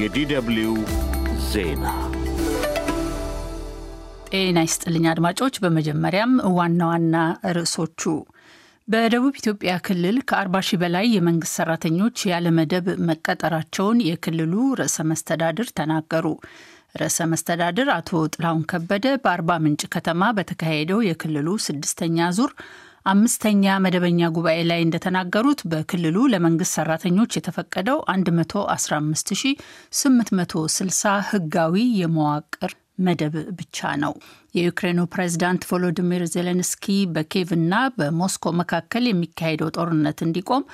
የዲደብልዩ ዜና ጤና ይስጥልኝ አድማጮች። በመጀመሪያም ዋና ዋና ርዕሶቹ በደቡብ ኢትዮጵያ ክልል ከ40 ሺህ በላይ የመንግስት ሰራተኞች ያለመደብ መቀጠራቸውን የክልሉ ርዕሰ መስተዳድር ተናገሩ። ርዕሰ መስተዳድር አቶ ጥላሁን ከበደ በአርባ ምንጭ ከተማ በተካሄደው የክልሉ ስድስተኛ ዙር አምስተኛ መደበኛ ጉባኤ ላይ እንደተናገሩት በክልሉ ለመንግስት ሰራተኞች የተፈቀደው 115860 ህጋዊ የመዋቅር መደብ ብቻ ነው። የዩክሬኑ ፕሬዝዳንት ቮሎዲሚር ዜሌንስኪ በኬቭና በሞስኮ መካከል የሚካሄደው ጦርነት እንዲቆም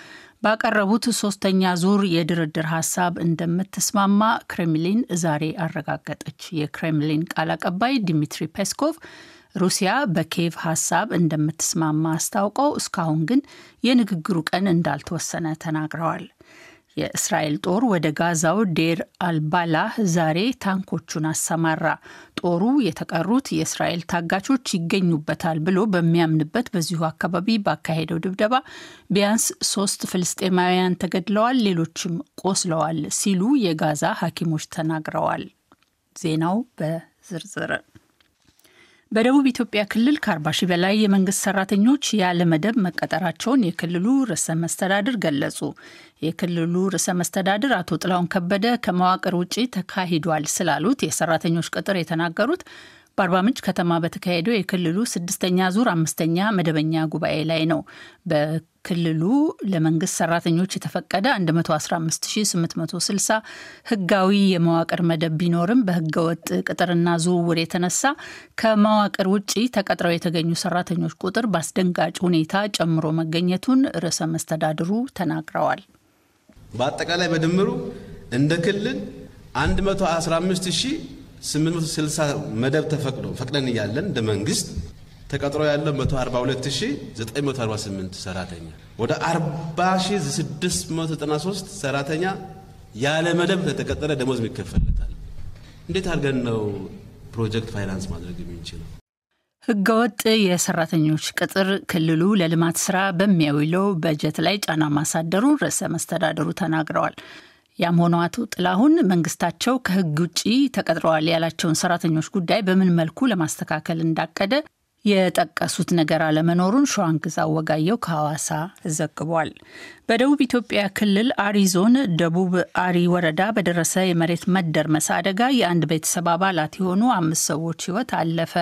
ባቀረቡት ሶስተኛ ዙር የድርድር ሀሳብ እንደምትስማማ ክሬምሊን ዛሬ አረጋገጠች። የክሬምሊን ቃል አቀባይ ዲሚትሪ ፔስኮቭ ሩሲያ በኬቭ ሀሳብ እንደምትስማማ አስታውቀው እስካሁን ግን የንግግሩ ቀን እንዳልተወሰነ ተናግረዋል። የእስራኤል ጦር ወደ ጋዛው ዴር አልባላህ ዛሬ ታንኮቹን አሰማራ። ጦሩ የተቀሩት የእስራኤል ታጋቾች ይገኙበታል ብሎ በሚያምንበት በዚሁ አካባቢ ባካሄደው ድብደባ ቢያንስ ሶስት ፍልስጤማውያን ተገድለዋል፣ ሌሎችም ቆስለዋል ሲሉ የጋዛ ሐኪሞች ተናግረዋል። ዜናው በዝርዝር በደቡብ ኢትዮጵያ ክልል ከአርባ ሺህ በላይ የመንግስት ሰራተኞች ያለ መደብ መቀጠራቸውን የክልሉ ርዕሰ መስተዳድር ገለጹ። የክልሉ ርዕሰ መስተዳድር አቶ ጥላውን ከበደ ከመዋቅር ውጪ ተካሂዷል ስላሉት የሰራተኞች ቅጥር የተናገሩት በአርባ ምንጭ ከተማ በተካሄደው የክልሉ ስድስተኛ ዙር አምስተኛ መደበኛ ጉባኤ ላይ ነው። በክልሉ ለመንግስት ሰራተኞች የተፈቀደ 115860 ህጋዊ የመዋቅር መደብ ቢኖርም በህገወጥ ቅጥርና ዝውውር የተነሳ ከመዋቅር ውጭ ተቀጥረው የተገኙ ሰራተኞች ቁጥር በአስደንጋጭ ሁኔታ ጨምሮ መገኘቱን ርዕሰ መስተዳድሩ ተናግረዋል። በአጠቃላይ በድምሩ እንደ ክልል 115 860 መደብ ተፈቅዶ ፈቅደን እያለን እንደ መንግስት ተቀጥሮ ያለው 142948 ሰራተኛ ወደ 40693 ሰራተኛ ያለ መደብ ለተቀጠረ ደሞዝ ይከፈለታል። እንዴት አድርገን ነው ፕሮጀክት ፋይናንስ ማድረግ የምንችለው? ህገወጥ የሰራተኞች ቅጥር ክልሉ ለልማት ስራ በሚያውለው በጀት ላይ ጫና ማሳደሩን ርዕሰ መስተዳደሩ ተናግረዋል። ያም ሆኖ አቶ ጥላሁን መንግስታቸው ከህግ ውጭ ተቀጥረዋል ያላቸውን ሰራተኞች ጉዳይ በምን መልኩ ለማስተካከል እንዳቀደ የጠቀሱት ነገር አለመኖሩን ሸዋንግዛ ወጋየው ከሐዋሳ ዘግቧል። በደቡብ ኢትዮጵያ ክልል አሪ ዞን ደቡብ አሪ ወረዳ በደረሰ የመሬት መደርመስ አደጋ የአንድ ቤተሰብ አባላት የሆኑ አምስት ሰዎች ህይወት አለፈ።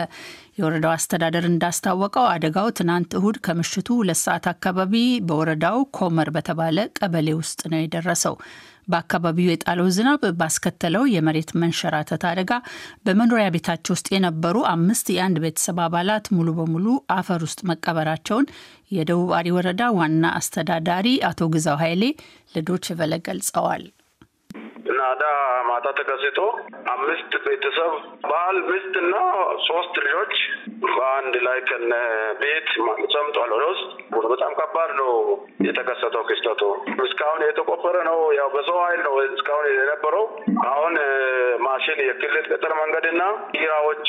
የወረዳው አስተዳደር እንዳስታወቀው አደጋው ትናንት እሁድ ከምሽቱ ሁለት ሰዓት አካባቢ በወረዳው ኮመር በተባለ ቀበሌ ውስጥ ነው የደረሰው። በአካባቢው የጣለው ዝናብ ባስከተለው የመሬት መንሸራተት አደጋ በመኖሪያ ቤታቸው ውስጥ የነበሩ አምስት የአንድ ቤተሰብ አባላት ሙሉ በሙሉ አፈር ውስጥ መቀበራቸውን የደቡብ አሪ ወረዳ ዋና አስተዳዳሪ አቶ ግዛው ኃይሌ ለዶች ቨለ ገልጸዋል። ተከስቶ አምስት ቤተሰብ ባል፣ ሚስት እና ሶስት ልጆች በአንድ ላይ ከነ ቤት ሰምጧል። ወደ ውስጥ በጣም ከባድ ነው የተከሰተው ክስተቱ። እስካሁን የተቆፈረ ነው ያው በሰው ኃይል ነው እስካሁን የነበረው። አሁን ማሽን የክልል መንገድ መንገድና ሂራዎች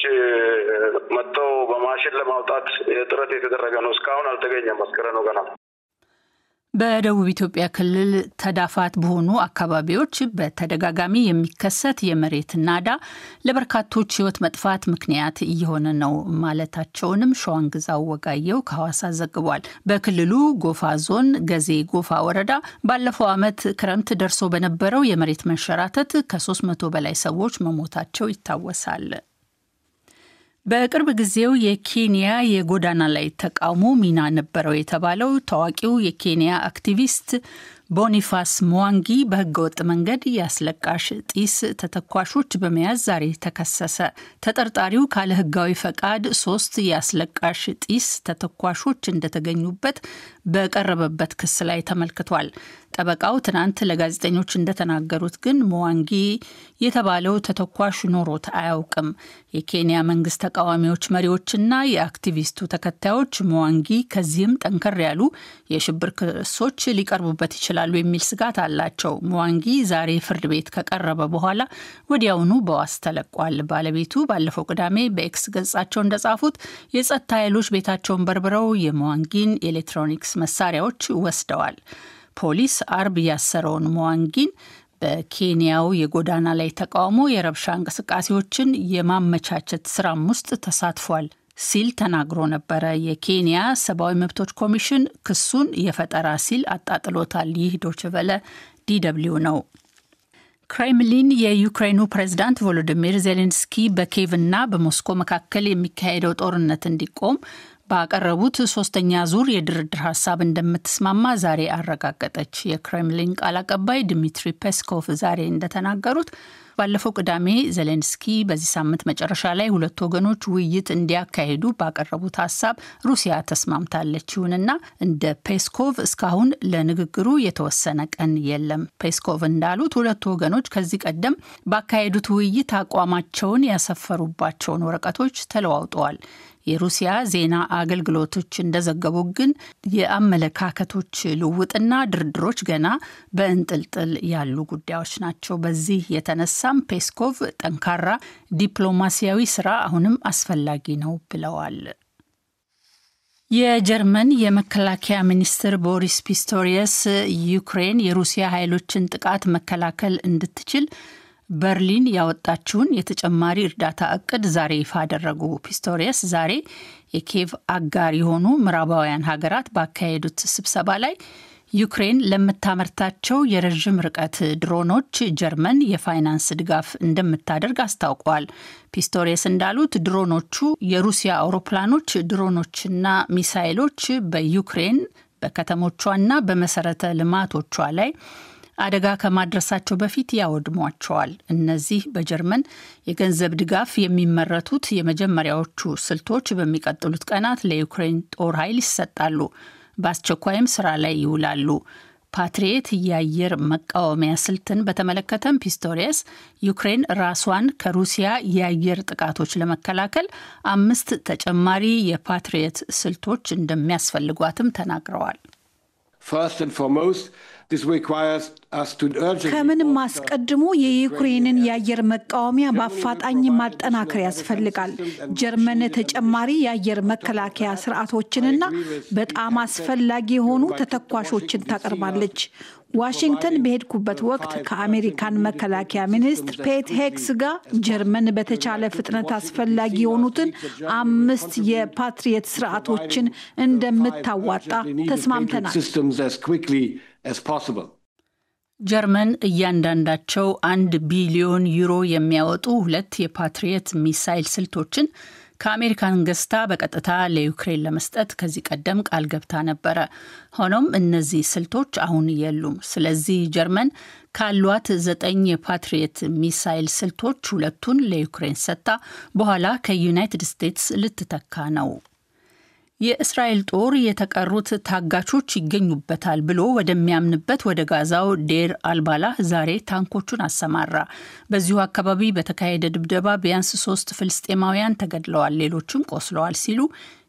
መጥተው በማሽን ለማውጣት ጥረት የተደረገ ነው። እስካሁን አልተገኘም። መስከረ ነው ገና በደቡብ ኢትዮጵያ ክልል ተዳፋት በሆኑ አካባቢዎች በተደጋጋሚ የሚከሰት የመሬት ናዳ ለበርካቶች ሕይወት መጥፋት ምክንያት እየሆነ ነው ማለታቸውንም ሸዋንግዛው ወጋየው ከሐዋሳ ዘግቧል። በክልሉ ጎፋ ዞን ገዜ ጎፋ ወረዳ ባለፈው ዓመት ክረምት ደርሶ በነበረው የመሬት መንሸራተት ከ300 በላይ ሰዎች መሞታቸው ይታወሳል። በቅርብ ጊዜው የኬንያ የጎዳና ላይ ተቃውሞ ሚና ነበረው የተባለው ታዋቂው የኬንያ አክቲቪስት ቦኒፋስ ሞዋንጊ በህገወጥ መንገድ የአስለቃሽ ጢስ ተተኳሾች በመያዝ ዛሬ ተከሰሰ። ተጠርጣሪው ካለ ህጋዊ ፈቃድ ሶስት የአስለቃሽ ጢስ ተተኳሾች እንደተገኙበት በቀረበበት ክስ ላይ ተመልክቷል። ጠበቃው ትናንት ለጋዜጠኞች እንደተናገሩት ግን ሞዋንጊ የተባለው ተተኳሽ ኖሮት አያውቅም። የኬንያ መንግስት ተቃዋሚዎች መሪዎችና የአክቲቪስቱ ተከታዮች ሞዋንጊ ከዚህም ጠንከር ያሉ የሽብር ክሶች ሊቀርቡበት ይችላል ይችላሉ የሚል ስጋት አላቸው። ሙዋንጊ ዛሬ ፍርድ ቤት ከቀረበ በኋላ ወዲያውኑ በዋስ ተለቋል። ባለቤቱ ባለፈው ቅዳሜ በኤክስ ገጻቸው እንደጻፉት የጸጥታ ኃይሎች ቤታቸውን በርብረው የሙዋንጊን ኤሌክትሮኒክስ መሳሪያዎች ወስደዋል። ፖሊስ አርብ ያሰረውን ሙዋንጊን በኬንያው የጎዳና ላይ ተቃውሞ የረብሻ እንቅስቃሴዎችን የማመቻቸት ስራም ውስጥ ተሳትፏል ሲል ተናግሮ ነበረ። የኬንያ ሰብአዊ መብቶች ኮሚሽን ክሱን የፈጠራ ሲል አጣጥሎታል። ይህ ዶችቨለ ዲደብሊው ነው። ክሬምሊን የዩክሬኑ ፕሬዝዳንት ቮሎዲሚር ዜሌንስኪ በኬቭና በሞስኮ መካከል የሚካሄደው ጦርነት እንዲቆም ባቀረቡት ሶስተኛ ዙር የድርድር ሀሳብ እንደምትስማማ ዛሬ አረጋገጠች። የክሬምሊን ቃል አቀባይ ድሚትሪ ፔስኮቭ ዛሬ እንደተናገሩት ባለፈው ቅዳሜ ዜሌንስኪ በዚህ ሳምንት መጨረሻ ላይ ሁለት ወገኖች ውይይት እንዲያካሂዱ ባቀረቡት ሀሳብ ሩሲያ ተስማምታለች። ይሁንና እንደ ፔስኮቭ እስካሁን ለንግግሩ የተወሰነ ቀን የለም። ፔስኮቭ እንዳሉት ሁለቱ ወገኖች ከዚህ ቀደም ባካሄዱት ውይይት አቋማቸውን ያሰፈሩባቸውን ወረቀቶች ተለዋውጠዋል። የሩሲያ ዜና አገልግሎቶች እንደዘገቡ ግን የአመለካከቶች ልውውጥና ድርድሮች ገና በእንጥልጥል ያሉ ጉዳዮች ናቸው። በዚህ የተነሳም ፔስኮቭ ጠንካራ ዲፕሎማሲያዊ ስራ አሁንም አስፈላጊ ነው ብለዋል። የጀርመን የመከላከያ ሚኒስትር ቦሪስ ፒስቶሪየስ ዩክሬን የሩሲያ ኃይሎችን ጥቃት መከላከል እንድትችል በርሊን ያወጣችውን የተጨማሪ እርዳታ እቅድ ዛሬ ይፋ አደረጉ። ፒስቶሪየስ ዛሬ የኬቭ አጋር የሆኑ ምዕራባውያን ሀገራት ባካሄዱት ስብሰባ ላይ ዩክሬን ለምታመርታቸው የረዥም ርቀት ድሮኖች ጀርመን የፋይናንስ ድጋፍ እንደምታደርግ አስታውቋል። ፒስቶሪየስ እንዳሉት ድሮኖቹ የሩሲያ አውሮፕላኖች፣ ድሮኖችና ሚሳይሎች በዩክሬን በከተሞቿና በመሰረተ ልማቶቿ ላይ አደጋ ከማድረሳቸው በፊት ያወድሟቸዋል። እነዚህ በጀርመን የገንዘብ ድጋፍ የሚመረቱት የመጀመሪያዎቹ ስልቶች በሚቀጥሉት ቀናት ለዩክሬን ጦር ኃይል ይሰጣሉ፣ በአስቸኳይም ስራ ላይ ይውላሉ። ፓትሪየት የአየር መቃወሚያ ስልትን በተመለከተም ፒስቶሪየስ ዩክሬን ራሷን ከሩሲያ የአየር ጥቃቶች ለመከላከል አምስት ተጨማሪ የፓትሪየት ስልቶች እንደሚያስፈልጓትም ተናግረዋል። ከምንም አስቀድሞ የዩክሬንን የአየር መቃወሚያ በአፋጣኝ ማጠናከር ያስፈልጋል። ጀርመን ተጨማሪ የአየር መከላከያ ስርዓቶችንና በጣም አስፈላጊ የሆኑ ተተኳሾችን ታቀርባለች። ዋሽንግተን በሄድኩበት ወቅት ከአሜሪካን መከላከያ ሚኒስትር ፔት ሄክስ ጋር ጀርመን በተቻለ ፍጥነት አስፈላጊ የሆኑትን አምስት የፓትሪየት ስርዓቶችን እንደምታዋጣ ተስማምተናል። ጀርመን እያንዳንዳቸው አንድ ቢሊዮን ዩሮ የሚያወጡ ሁለት የፓትሪየት ሚሳይል ስልቶችን ከአሜሪካን ገዝታ በቀጥታ ለዩክሬን ለመስጠት ከዚህ ቀደም ቃል ገብታ ነበረ። ሆኖም እነዚህ ስልቶች አሁን የሉም። ስለዚህ ጀርመን ካሏት ዘጠኝ የፓትሪየት ሚሳይል ስልቶች ሁለቱን ለዩክሬን ሰጥታ በኋላ ከዩናይትድ ስቴትስ ልትተካ ነው። የእስራኤል ጦር የተቀሩት ታጋቾች ይገኙበታል ብሎ ወደሚያምንበት ወደ ጋዛው ዴር አልባላህ ዛሬ ታንኮቹን አሰማራ። በዚሁ አካባቢ በተካሄደ ድብደባ ቢያንስ ሶስት ፍልስጤማውያን ተገድለዋል፣ ሌሎችም ቆስለዋል ሲሉ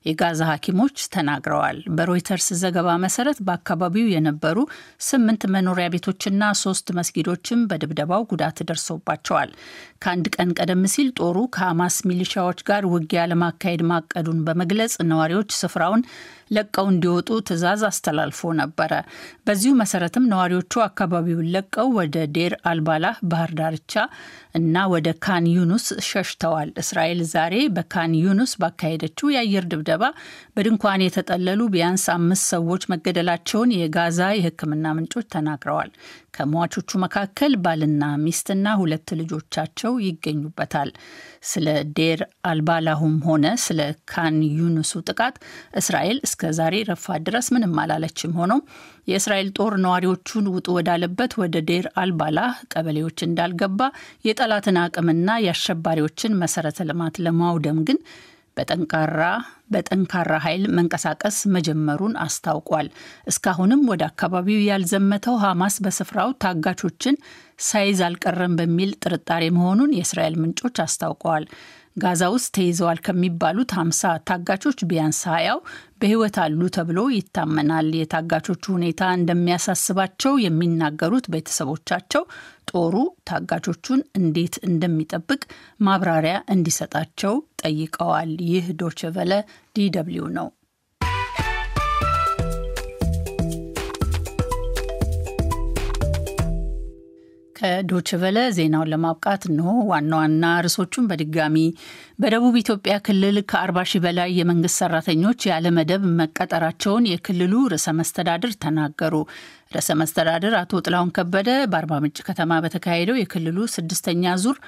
የጋዛ ሐኪሞች ተናግረዋል። በሮይተርስ ዘገባ መሰረት በአካባቢው የነበሩ ስምንት መኖሪያ ቤቶችና ሶስት መስጊዶችም በድብደባው ጉዳት ደርሶባቸዋል። ከአንድ ቀን ቀደም ሲል ጦሩ ከሐማስ ሚሊሻዎች ጋር ውጊያ ለማካሄድ ማቀዱን በመግለጽ ነዋሪዎች ስፍራውን ለቀው እንዲወጡ ትዕዛዝ አስተላልፎ ነበረ። በዚሁ መሰረትም ነዋሪዎቹ አካባቢውን ለቀው ወደ ዴር አልባላህ ባህር ዳርቻ እና ወደ ካን ዩኑስ ሸሽተዋል። እስራኤል ዛሬ በካን ዩኑስ ባካሄደችው የአየር ድብደባ በድንኳን የተጠለሉ ቢያንስ አምስት ሰዎች መገደላቸውን የጋዛ የሕክምና ምንጮች ተናግረዋል። ከሟቾቹ መካከል ባልና ሚስትና ሁለት ልጆቻቸው ይገኙበታል። ስለ ዴር አልባላሁም ሆነ ስለ ካን ዩንሱ ጥቃት እስራኤል እስከ ዛሬ ረፋድ ድረስ ምንም አላለችም። ሆኖም የእስራኤል ጦር ነዋሪዎቹን ውጡ ወዳለበት ወደ ዴር አልባላህ ቀበሌዎች እንዳልገባ የጠላትን አቅምና የአሸባሪዎችን መሰረተ ልማት ለማውደም ግን በጠንካራ በጠንካራ ኃይል መንቀሳቀስ መጀመሩን አስታውቋል። እስካሁንም ወደ አካባቢው ያልዘመተው ሐማስ በስፍራው ታጋቾችን ሳይዝ አልቀረም በሚል ጥርጣሬ መሆኑን የእስራኤል ምንጮች አስታውቀዋል። ጋዛ ውስጥ ተይዘዋል ከሚባሉት ሀምሳ ታጋቾች ቢያንስ ሀያው በህይወት አሉ ተብሎ ይታመናል። የታጋቾቹ ሁኔታ እንደሚያሳስባቸው የሚናገሩት ቤተሰቦቻቸው ጦሩ ታጋቾቹን እንዴት እንደሚጠብቅ ማብራሪያ እንዲሰጣቸው ጠይቀዋል። ይህ ዶችቨለ ዲ ደብልዩ ነው። ከዶችቨለ ዜናውን ለማብቃት እንሆ ዋና ዋና ርዕሶቹን በድጋሚ በደቡብ ኢትዮጵያ ክልል ከአርባ ሺህ በላይ የመንግስት ሰራተኞች ያለመደብ መቀጠራቸውን የክልሉ ርዕሰ መስተዳድር ተናገሩ። ርዕሰ መስተዳድር አቶ ጥላውን ከበደ በአርባ ምንጭ ከተማ በተካሄደው የክልሉ ስድስተኛ ዙር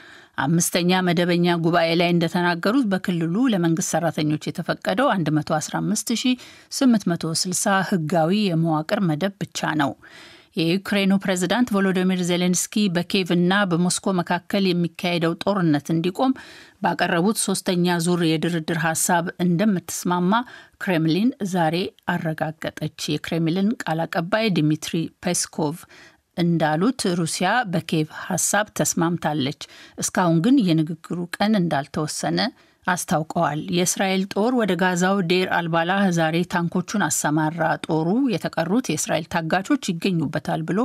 አምስተኛ መደበኛ ጉባኤ ላይ እንደተናገሩት በክልሉ ለመንግስት ሰራተኞች የተፈቀደው 115860 ህጋዊ የመዋቅር መደብ ብቻ ነው። የዩክሬኑ ፕሬዝዳንት ቮሎዶሚር ዜሌንስኪ በኬቭ እና በሞስኮ መካከል የሚካሄደው ጦርነት እንዲቆም ባቀረቡት ሶስተኛ ዙር የድርድር ሀሳብ እንደምትስማማ ክሬምሊን ዛሬ አረጋገጠች። የክሬምሊን ቃል አቀባይ ዲሚትሪ ፔስኮቭ እንዳሉት ሩሲያ በኬቭ ሀሳብ ተስማምታለች። እስካሁን ግን የንግግሩ ቀን እንዳልተወሰነ አስታውቀዋል። የእስራኤል ጦር ወደ ጋዛው ዴር አልባላህ ዛሬ ታንኮቹን አሰማራ። ጦሩ የተቀሩት የእስራኤል ታጋቾች ይገኙበታል ብሎ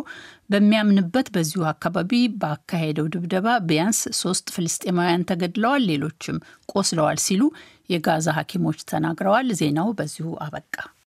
በሚያምንበት በዚሁ አካባቢ ባካሄደው ድብደባ ቢያንስ ሶስት ፍልስጤማውያን ተገድለዋል፣ ሌሎችም ቆስለዋል ሲሉ የጋዛ ሐኪሞች ተናግረዋል። ዜናው በዚሁ አበቃ።